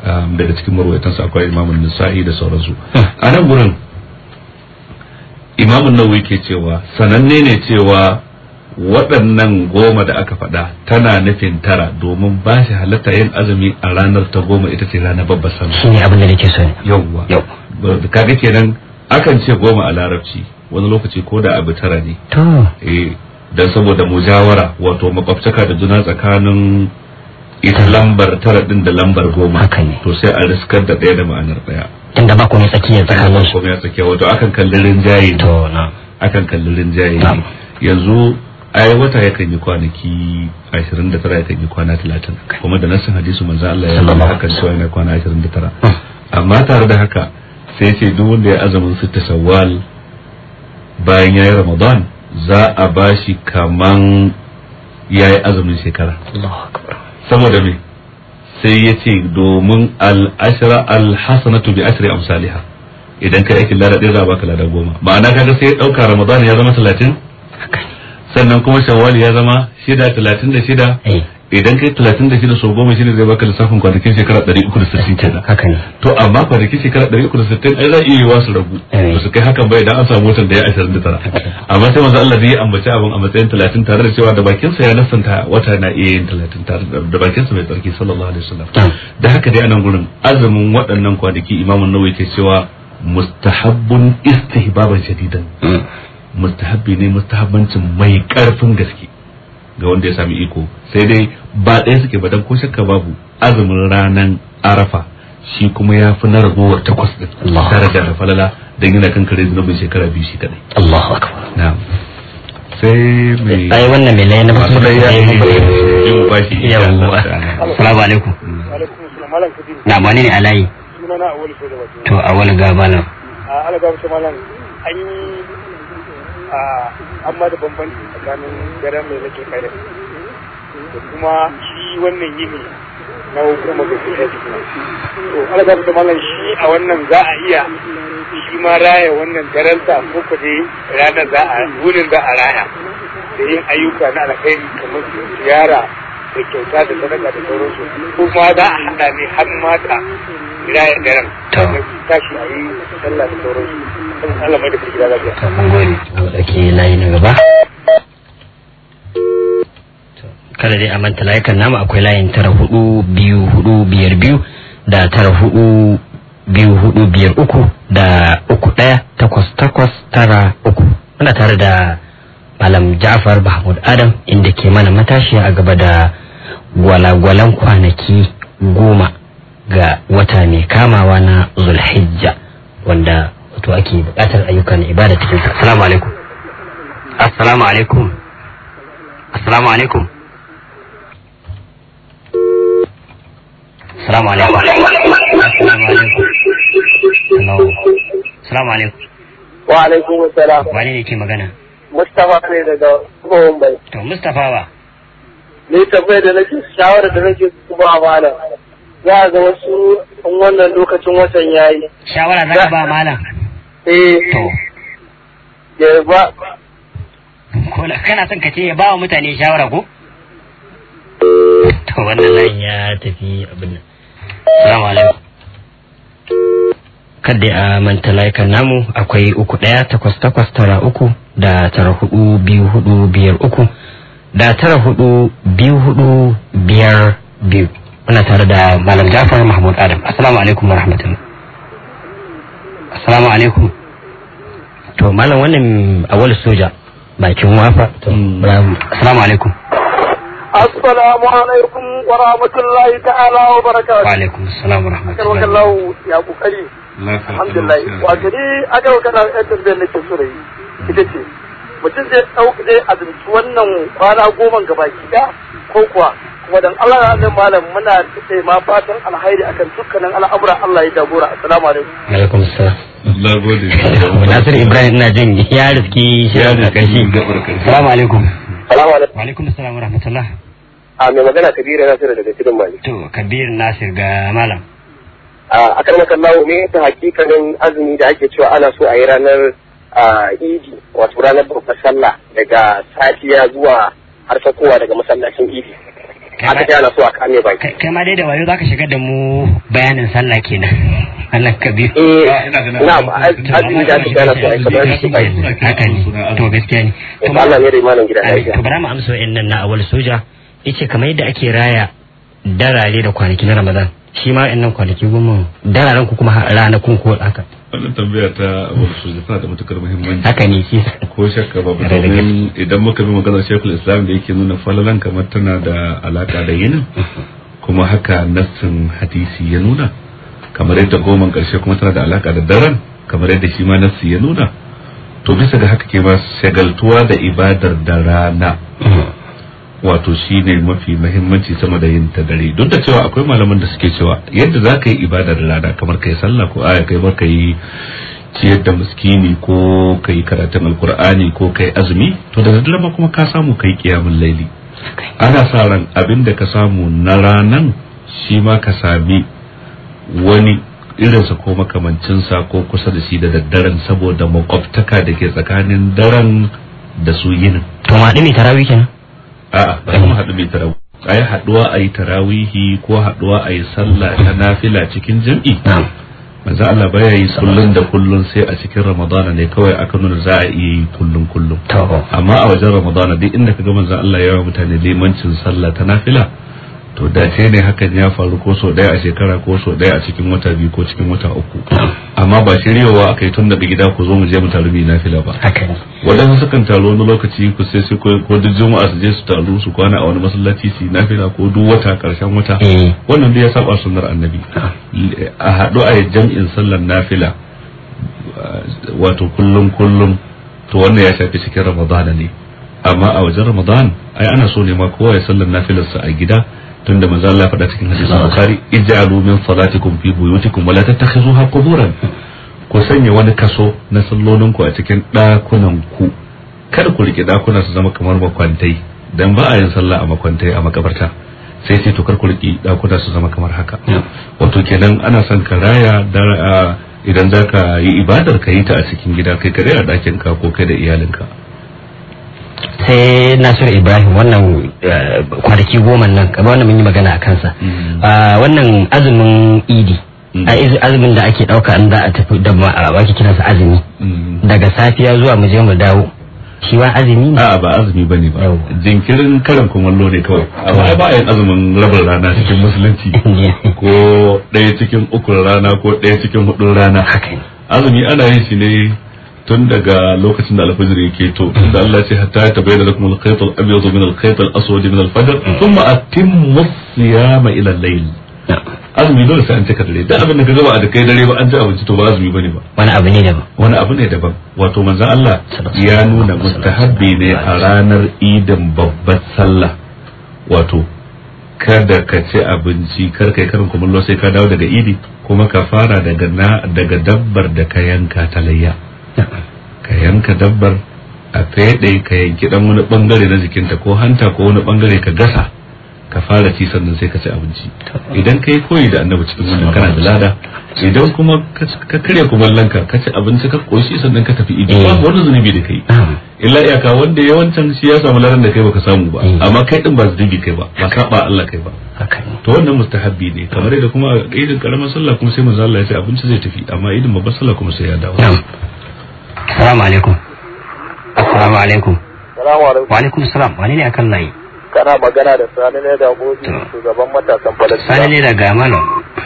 um, daga cikin marwayatan sa akwai Imam nisai da sauransu a nan gurin Imam Nawawi ke cewa sananne ne cewa waɗannan goma da aka faɗa tana nufin tara domin ba shi halatta yin azumi a ranar ta goma ita ce ranar babbar sallah ne abin da nake so yawwa kaga kenan akan ce goma a larabci wani lokaci ko da abu tara ne eh dan saboda mujawara wato makwabtaka da juna tsakanin ita lambar tara din da lambar goma to sai a riskar da ɗaya da ma'anar ɗaya inda ba komai tsakiya tsakanin su komai tsakiya wato akan kalli rinjaye to na akan kalli rinjaye yanzu ai wata yakan yi kwanaki 29 yakan yi kwana 30 kuma da nasin hadisu manzo Allah ya yi haka cewa yana kwana 29 hmm. amma tare da haka sai ce duk wanda ya azumin sitta shawwal bayan ya yi ramadan za a ba shi kaman ya yi azumin shekara saboda me sai ya ce domin al'ashira alhasanatu bi ashri amsaliha idan yi aikin lada ɗaya za a baka lada goma ma'ana kaga sai ya ɗauka ramadan ya zama talatin sannan kuma shawali ya zama shida talatin da shida eh. idan kai talatin da shida sau goma shine zai baka lissafin kwanakin shekara ɗari uku da sittin kenan to amma kwanakin shekara ɗari uku da sittin ai za a iya yi wasu ragu eh. ba su kai hakan ba idan an samu wutan da ya ashirin da tara amma sai manzo Allah zai ambaci abin a matsayin talatin tare da cewa da bakinsa ya nasanta wata na iya yin talatin tare da bakinsa mai tsarki sallallahu alaihi wasallam da haka dai nan gurin azumin waɗannan kwanaki imamun nawawi ke cewa mustahabbun istihbaban shadidan mm. mustahabbi ne mustahabbancin mai karfin gaske ga wanda ya sami iko sai dai ba ɗaya suke ba dan ko shakka babu azumin ranan arafa shi kuma ya fi na ragowar takwas din tare da falala dan yana kan kare zunubin shekara biyu shi kadai Allahu akbar na'am sai mai ai wannan mai laye na ba sai ya yi ba shi assalamu alaikum wa alaikum na ba ne alayi sunana awal to awal gabana a alga malam an an ma da bambanci tsakanin daren mai nake kare da kuma shi wannan yini na hukumar da kuma shi to ala da malam shi a wannan za a iya shi ma raya wannan daren ta ko ko ranar za a wurin za a raya da yin ayyuka na alkhairi kamar ziyara da kyauta da sadaka da sauransu kuma za a hada ne har mata rayar garin tashi a yi sallah da sauransu Allah mai da kai gida lafiya to mun gode to dake layi na gaba kada dai a manta layukan namu akwai layin tara hudu biyu hudu biyar biyu da tara hudu biyu hudu biyar uku da uku daya takwas takwas tara uku muna tare da malam ja'far mahmud adam inda ke mana matashi a gaba da gwalagwalan kwanaki goma ga wata mai kamawa na zulhijja wanda wato ake bukatar ayyukan ibada cikin sa assalamu alaikum assalamu alaikum assalamu alaikum assalamu alaikum assalamu alaikum assalamu alaikum wa alaikum assalam wani ne ke magana Mustapha ne daga Mumbai. To Mustapha ba. Ni tabbai da nake shawara da nake kuma amana. za a ga wasu in wannan lokacin watan ya yi. Shawara za ka ba malam. Eh. To. Ya ba. Kana son ka ce ya ba wa mutane shawara ko? To wannan layin ya tafi abin nan. Salamu alaikum. Kadda a manta layukan namu akwai uku ɗaya takwas takwas tara uku da tara hudu biyu hudu biyar uku da tara hudu biyu hudu biyar biyu. ana tare da malam jafar mahmud adam assalamu alaikum wa rahmatullah assalamu alaikum to malam wannan awal soja bakin wafa to hmm. assalamu alaikum assalamu alaikum wa rahmatullahi ta'ala wa barakatuh wa alaikum assalam wa rahmatullahi Allah ya kokari alhamdulillah wa gari aga kana ɗan tambayar nake so da yi hmm. ita ce mutum zai ɗauki zai azumci wannan kwana goma gaba ki ko kuwa kuma dan Allah ya azan malam muna tsaye ma fatan alhairi akan dukkanin al'amura Allah ya jagora assalamu alaikum alaikum assalam Allah gode Nasir Ibrahim ina jin ya riski shi ya riski assalamu alaikum assalamu alaikum wa alaikum assalam wa rahmatullah a ah, me magana Kabir Nasir daga Tudun Mali to Kabir Nasir ga malam a ah, akan makallahu me ta hakikanin azumi da ake cewa ana so a yi ranar ah, idi wato ranar babbar sallah daga safiya zuwa har sakowa daga masallacin idi haka dai ana so a kame baki Kama dai da wayo zaka shigar da mu bayanin sallah kenan Allah ka bi eh, na'am azumi da aka ana so a kamar shi bai haka ne to gaskiya ne to Allah ne da malam gida lafiya to bara mu amsa wa'annan na awal soja yace kamar yadda ake raya darare da kwanaki na Ramadan shi ma in nan kwanaki goma dararen ku kuma ranakun ko haka. wannan tambaya ta wani soja tana da matukar muhimmanci haka ne shi ko shakka ba domin idan muka bi maganar shekul islam da yake nuna falalan kamar tana da alaka da yinin kuma haka nassin hadisi ya nuna kamar yadda goman karshe kuma tana da alaka da daren kamar yadda shi ma nassi ya nuna to bisa ga haka ke ma shagaltuwa da ibadar da rana mm-hmm. wato shine mafi mahimmanci sama da yin ta dare duk da cewa akwai malaman da suke cewa yadda za ka yi ibadar rana kamar kai sallah ko aya kai maka yi ciyar da muskini ko kai karatun alkur'ani ko kai azumi to da daddare kuma ka samu ka yi kiyamun laili ana sa ran abin da ka samu na ranan shi ma ka sami wani irinsa ko makamancinsa ko kusa da shi da daddaren saboda makwabtaka da ke tsakanin daren da su yinin. To ma tarawih kenan? a'a ba mu haɗu mai tarawih a yi haɗuwa a yi tarawihi ko haɗuwa a yi sallah ta nafila cikin jam'i manzo Allah baya yi kullun da kullun sai a cikin Ramadana ne kawai aka nuna za a iya yi kullun kullun amma a wajen Ramadana duk inda ga manzo Allah ya yi mutane limancin sallah ta nafila to dace ne hakan ya faru ko so daya a shekara ko so daya a cikin wata biyu ko cikin wata uku amma ba shiryawa aka yi tun daga gida ku zo mu je mu taru bi na fila ba wadansu sukan taru wani lokaci ku sai su ko duk juma'a su je su taru su kwana a wani masallaci su na fila ko duk wata karshen wata eh. wannan dai ya saba sunnar annabi a haɗu a jam'in sallar nafila wato kullum kullum to wannan ya shafi cikin ramadana ne amma a wajen ramadan ai ana so ne ma kowa ya sallar nafilarsa a gida tunda manzo Allah faɗa cikin hadisin Bukhari ij'alu min salatikum fi buyutikum wa la tattakhizuha quburan ku sanya wani kaso na sallolin ku a cikin dakunan ku kada ku rike dakuna su zama kamar makwantai dan ba a yin sallah a makwantai a makabarta sai sai to kar ku rike dakuna su zama kamar haka wato kenan ana son ka raya idan zaka yi ibadar ka yi ta a cikin gida kai kare a dakin ka ko kai da iyalinka sai nasiru ibrahim wannan eh, kwanaki goma nan kamar wannan mun yi magana a kansa mm. ah, wannan azumin idi mm. azumin da ake ɗauka an za a tafi da kiran sa azumi mm. daga safiya zuwa mu je mu dawo shi ba azumi ne a ba azumi bane ba jinkirin karin kumallo ne kawai amma ba yin azumin rabin rana cikin musulunci ko ɗaya cikin uku rana ko ɗaya cikin hudun rana azumi ana yin shi ne tun daga lokacin da alfajir yake to da Allah ce hatta ya tabayyana lakum al-khayt al-abyad min al-khayt al-aswad min al-fajr thumma atimmu as-siyama ila al-layl azumi dole sai an cika dare da abin da ka gaba a da kai dare ba an ci abinci to ba azumi bane ba wani abu ne daban wani abu ne daban wato manzon Allah ya nuna mustahabbi ne a ranar idan babbar sallah wato kada ka ci abinci kar kai karin kumallo sai ka dawo daga idi kuma ka fara daga na daga dabbar da ka yanka ta layya ka yanka dabbar a fede ka yanki dan wani bangare na jikinta ko hanta ko wani bangare ka gasa ka fara ci sannan sai ka ci abinci idan ka yi koyi da annabi cikin wannan kana da lada idan kuma ka karya kumallonka ka ci abinci ka koshi sannan ka tafi ido ba wani zunubi da kai illa iyaka wanda yawancin shi ya samu laran da kai baka samu ba mm. amma kai din ba zunubi kai ba ba saba Allah kai ba to wannan mustahabbi ne kamar da kuma idin karamar sallah kuma sai manzo Allah ya ce abinci zai tafi amma idin babbar sallah kuma sai ya dawo Assalamu alaikum. Assalamu alaikum. Assalamu alaikum. Wa alaikum salam. Wani ne akan layi? Kana magana da Sani ne da su shugaban matasan Falasɗin. Sani ne da Gamano.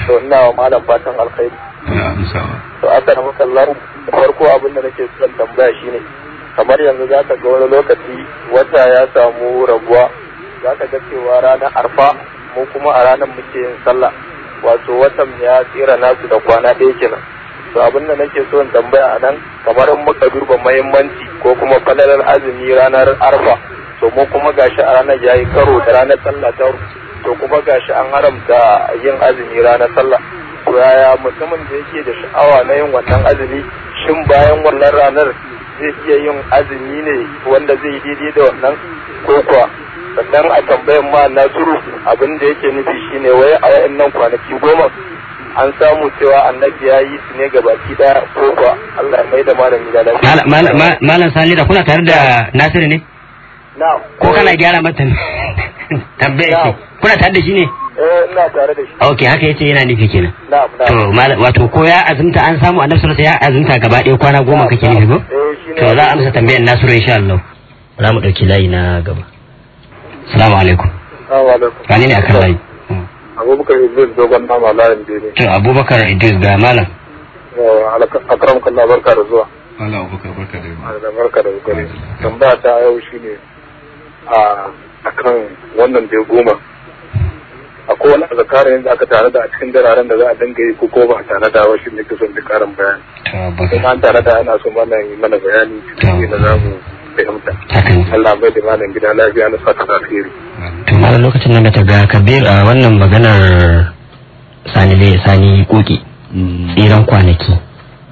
To ina wa malam fatan alkhairi. To aka na musallar farko abin da nake son tambaya shine kamar yanzu za ka ga wani lokaci wata ya samu rabuwa za ka ga cewa ranar arfa mu kuma a ranar muke yin sallah wato watan ya tsira nasu da kwana ɗaya kenan. to abin da nake so in tambaya a nan kamar in muka duba mahimmanci ko kuma falalar azumi ranar arfa to mu kuma gashi a ranar yayi karo da ranar sallah ta to kuma gashi an haramta yin azumi ranar sallah to yaya mutumin da yake da sha'awa na yin wannan azumi shin bayan wannan ranar zai iya yin azumi ne wanda zai yi daidai da wannan ko kuwa sannan a tambayar ma nasiru abin da yake nufi shine wai a wayannan kwanaki goma an samu cewa annabi ya yi su ne gaba daya ko kuwa Allah mai da malam ya lafiya. Malam Sani da kuna tare da Nasiru ne? Na'am. Ko kana eh. gyara mata tambaye shi Kuna tare da shi ne? Eh, ina tare da shi. Okay haka yace yana nufi kenan. Na'am. To malam wato ko ya azumta an samu annabi sallallahu ya azumta gaba ɗaya kwana goma kake nufi ko? Eh, to za a amsa tambayar Nasiru insha Allah. Za mu ɗauki layi na gaba. Assalamu alaikum. Assalamu alaikum. ne ne kan layi? abubakar idris dogon nama layin bene to abubakar idris ga malam eh, akram kallah barka da zuwa Allah abubakar barka da yamma barka da zuwa tambaya ta yau shi ne a kan wannan da goma akwai wani azakara yanzu aka tare da a cikin dararen da za a dinga yi ko ba a tare da wasu ne kusan da karin bayani. Kuma an tare da ana so mana yi mana bayani cikin na zamu fahimta Allah bai da malam gida lafiya na fata alheri to malam lokacin nan da ta ga kabir a wannan maganar sani bai sani koki hmm. tsiran kwanaki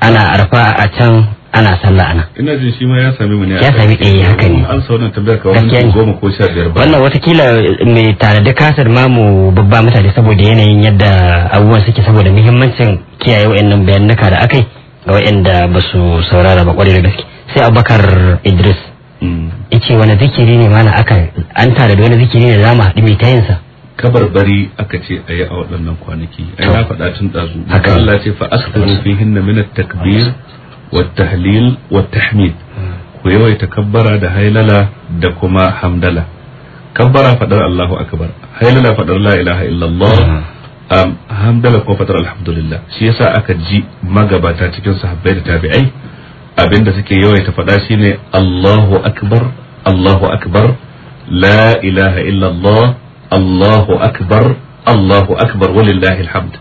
ana arfa a can ana sallah ana ina jin shi ma ya sami mu ne ya sami eh haka ne an sauna tambayar ka wannan goma ko sha biyar ba wannan watakila mai tare da kasar ma mu babba mutane saboda yanayin yadda abubuwan suke saboda muhimmancin kiyaye wayannan bayanan da akai ga wayanda ba su saurara ba kwarai da gaske sai Abubakar Idris yace wani zikiri ne mana akan an tare da wani zikiri ne zamu haɗu mai tayinsa kabarbari aka ce a yi a waɗannan kwanaki ai na faɗa tun ɗazu haka Allah ce fa askaru fihinna min at-takbir wa tahlil wa tahmid ku yawaita kabbara da Haylala da kuma hamdala kabbara fadar Allahu akbar haylala fadar la ilaha illallah hmm. hamdala ko faɗar alhamdulillah shi yasa aka ji magabata cikin sahabbai da tabi'ai abinda suke yawaita faɗa shine Allahu akbar Allahu akbar la ilaha illallah Allahu akbar Allahu akbar walillahi alhamd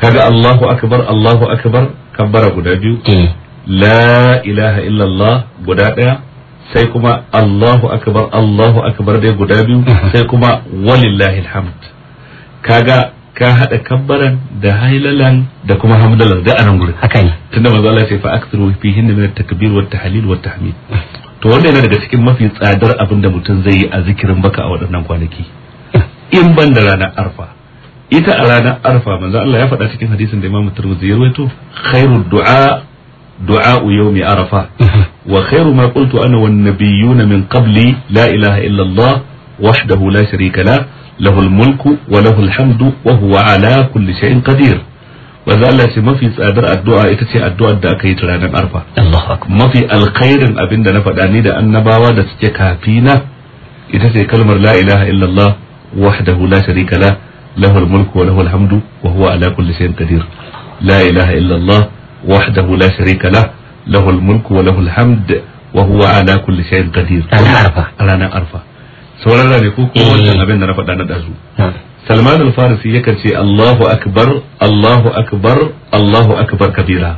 kaga Allahu akbar Allahu akbar kabbara guda biyu eh. la ilaha illallah guda daya sai kuma Allahu akbar Allahu akbar dai guda biyu sai kuma walillahi alhamd kaga ka haɗa kabbaran da hailalan da kuma hamdalan da anan gurin haka tunda manzo Allah ya fa aktharu fihin min at-takbir wa at-tahlil wa at-tahmid to wannan yana daga cikin mafi tsadar abin da mutum zai yi a zikirin baka a waɗannan kwanaki in ban da ranar arfa ita a ranar arfa manzo Allah ya faɗa cikin hadisin da Imam Tirmidhi ya rawaito khairu du'a du'a yawmi arafa wa khairu ma qultu ana wan nabiyyuna min qabli la ilaha illa Allah wahdahu la sharika lahu lahul mulku wa lahul hamdu wa huwa ala kulli shay'in qadir manzo Allah ce mafi tsadar addu'a ita ce addu'ar da aka yi ta ranar arfa mafi alkhairin abinda na faɗa ni da annabawa da suke kafina ita ce kalmar la ilaha illallah wahdahu la sharika la lahul mulku wa lahul hamdu wa huwa ala kulli shay'in qadir la ilaha illallah wahdahu la sharika la lahul mulku wa lahul hamd wa huwa ala kulli shay'in qadir ranar arfa ranar arfa sauran rabe ko ko eh. wancan abin da na faɗa na ɗazu. Salman al-Farisi yakan ce Allahu akbar Allahu akbar Allahu akbar kabira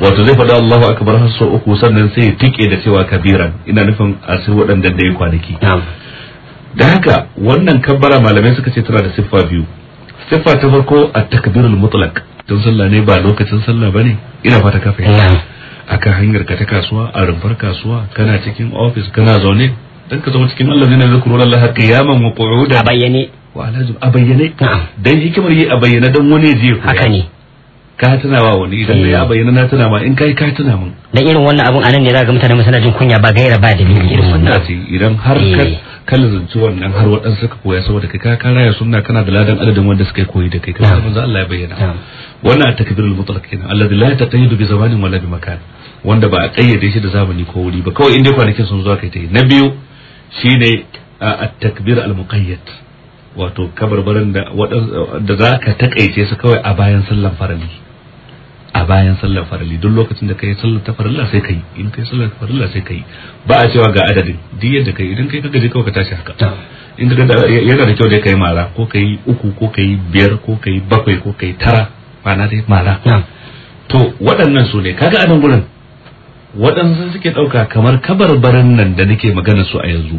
wato zai faɗa Allahu akbar har sau uku sannan sai ya tike da cewa kabiran ina nufin a sai waɗanda da ya kwanaki da haka wannan kabbara malamai suka ce tana da siffa biyu siffa ta farko a takbirul mutlak. don sallah ne ba lokacin sallah bane ina fata ka fahimta akan hanyar ka ta kasuwa a rumfar kasuwa kana cikin ofis kana zaune dan ka zama cikin allazina yazkuruna allaha qiyaman wa qu'udan a bayyane wa alazim a bayyane dan hikimar yi a bayyane dan wani je ku haka ne ka tuna wa wani idan ya eh. bayyana na tuna ma in kai ka tuna mun dan irin wannan abun anan ne zaka mutane masana jin kunya ba gaira ba dalili irin wannan idan har ka eh. kallazanci wannan har waɗansu suka koya saboda kai ka karaya sunna kana da ladan adadin wanda suka koyi da kai kamar manzo Allah ya bayyana wannan takbirul mutlaq kenan alladhi la taqidu bi zamanin wala bi makan wanda ba a kayyade shi da zamani ko wuri ba kawai inda kwanakin sun zo kai ta na biyu shine at-takbir al-muqayyad wato kabarbaran da za zaka takaice su kawai a bayan sallan farali a bayan sallan farali duk lokacin da kai sallar ta farilla sai kai in kai sallar farilla sai kai ba a cewa ga adadin duk yadda kai idan kai ka gaji kawai ka tashi haka in ka yana da kyau ka kai mara ko kai uku ko kai biyar ko kai bakwai ko kai tara na dai mara to waɗannan su ne kaga anan gurin waɗansu suke ɗauka kamar kabarbaran nan da nake magana su a yanzu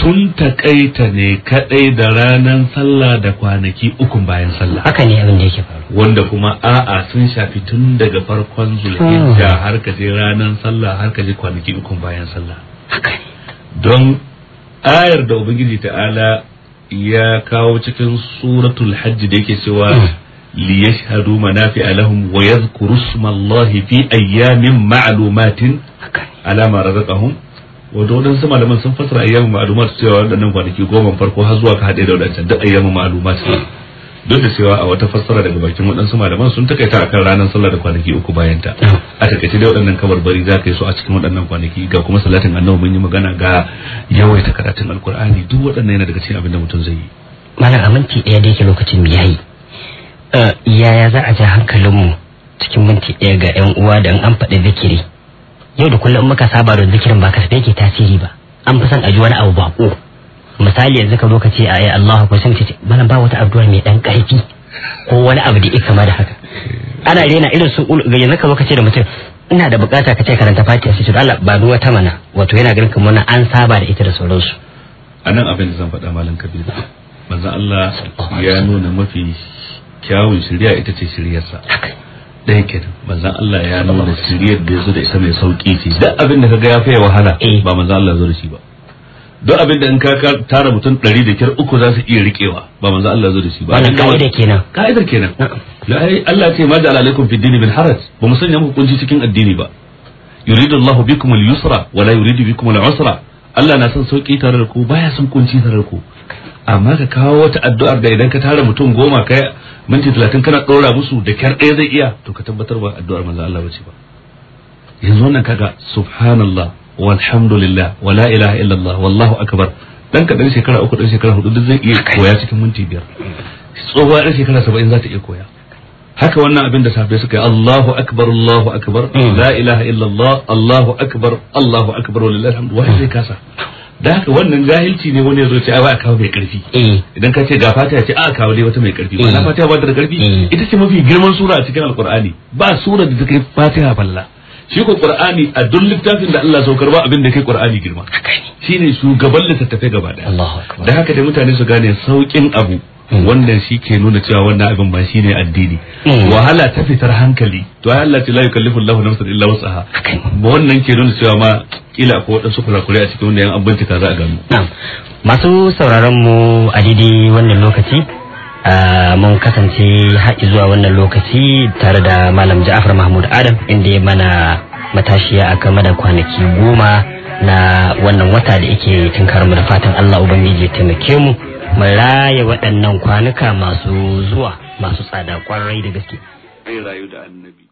sun takaita ne kaɗai da ranar sallah da kwanaki uku bayan sallah haka ne abin da yake faru wanda kuma a'a sun shafi tun daga farkon zulhijja hmm. har ka je ranar sallah har ka je kwanaki uku bayan sallah haka ne don ayar da ubangiji ta'ala ya kawo cikin suratul hajji da yake cewa hmm. liyashhadu manafi'a lahum wa yadhkuru ismallahi fi ayyamin ma'lumatin alama razaqahum wato waɗansu malaman sun fasara ayyamin ma'lumat cewa waɗannan kwanaki goma farko har zuwa ka haɗe da waɗancan duk ayyamin ma'lumat duk da cewa a wata fassara daga bakin waɗansu malaman sun takaita akan ranar sallah da kwanaki uku bayanta. ta a takaice dai waɗannan kabarbari za ka yi su a cikin waɗannan kwanaki ga kuma salatin annabi mun yi magana ga yawaita karatun alkur'ani duk waɗannan yana daga cikin abin da mutum zai yi malam aminci ɗaya da yake Eh, yaya za a ja hankalinmu cikin minti ɗaya ga ƴan uwa da an faɗi zikiri yau da kullum muka saba da zikirin ba kasafai ke tasiri ba an fi son a ji wani abu baƙo misali yanzu ka zo ka ce ayi Allahu akbar sai ce malam ba wata addu'a mai dan ƙarfi ko wani abu da yake kama da haka ana rena irin su yanzu ka zo ka ce da mutum ina da bukata ka ce karanta fatiha sai ce Allah ba ruwa ta mana wato yana ganin kamar an saba da ita da sauransu anan abin da zan faɗa malam kabiru manzo Allah ya nuna mafi kyawun shirya ita ce shiryarsa ɗaya kenan manzan Allah ya nuna shiryar da ya zo da ita mai sauƙi. ce duk abin da kaga ya fiye wahala eh. ba manzan Allah zo da shi ba duk abin da in ka tara mutum ɗari da kyar uku za su iya riƙewa ba manzan Allah zo da shi ba wannan ka'ida kenan ka'idar kenan Allah ce ma ja'ala alaikum fid dini min haraj ba mu sanya muku kunci cikin addini ba yuridu Allah bikum al-yusra wa la yuridu bikum al-usra Allah na son sauki tare da ku baya son kunci tare da ku amma ka kawo wata addu'ar da idan ka tara mutum goma kai minti talatin kana ɗora musu da kyar ɗaya zai iya to ka tabbatar ba addu'ar manzo Allah bace ba yanzu wannan kaga subhanallah walhamdulillah wala ilaha illallah wallahu akbar dan ka dan shekara uku dan shekara hudu duk zai iya koya cikin minti biyar tsohuwa dan shekara saba'in za ta iya koya haka wannan abin da safe suka yi Allahu akbar Allahu akbar mm. la ilaha illallah Allahu akbar Allahu akbar walillahi alhamdu wai zai kasa da haka wannan jahilci ne wani zo ce a kawo mai karfi eh. idan ka ce ga fata ce a kawo dai wata mai karfi ba eh. fata ba da karfi eh. ita ce mafi girman sura a cikin alqur'ani ba sura da take fatiha balla shi ko qur'ani a duk littafin da Allah saukar ba abin da kai qur'ani girma shine da tattafe gaba daya da haka da mutane su gane saukin abu hmm. wannan shi ke nuna cewa wannan abin ba shi ne addini hmm. wahala ta fitar hankali to ya Allah ce la yukallifu Allahu nafsan illa wus'aha wannan ke nuna cewa ma kila ko waɗansu kurakurai a cikin wanda yan an za a gano. masu sauraron mu a didi wannan lokaci mun kasance haƙi zuwa wannan lokaci tare da malam ja'afar mahmud adam inda ya mana matashiya a game da kwanaki goma na wannan wata da yake tunkar mu da fatan allah ubangiji ya taimake mu mu raya waɗannan kwanuka masu zuwa masu tsada kwarai da gaske annabi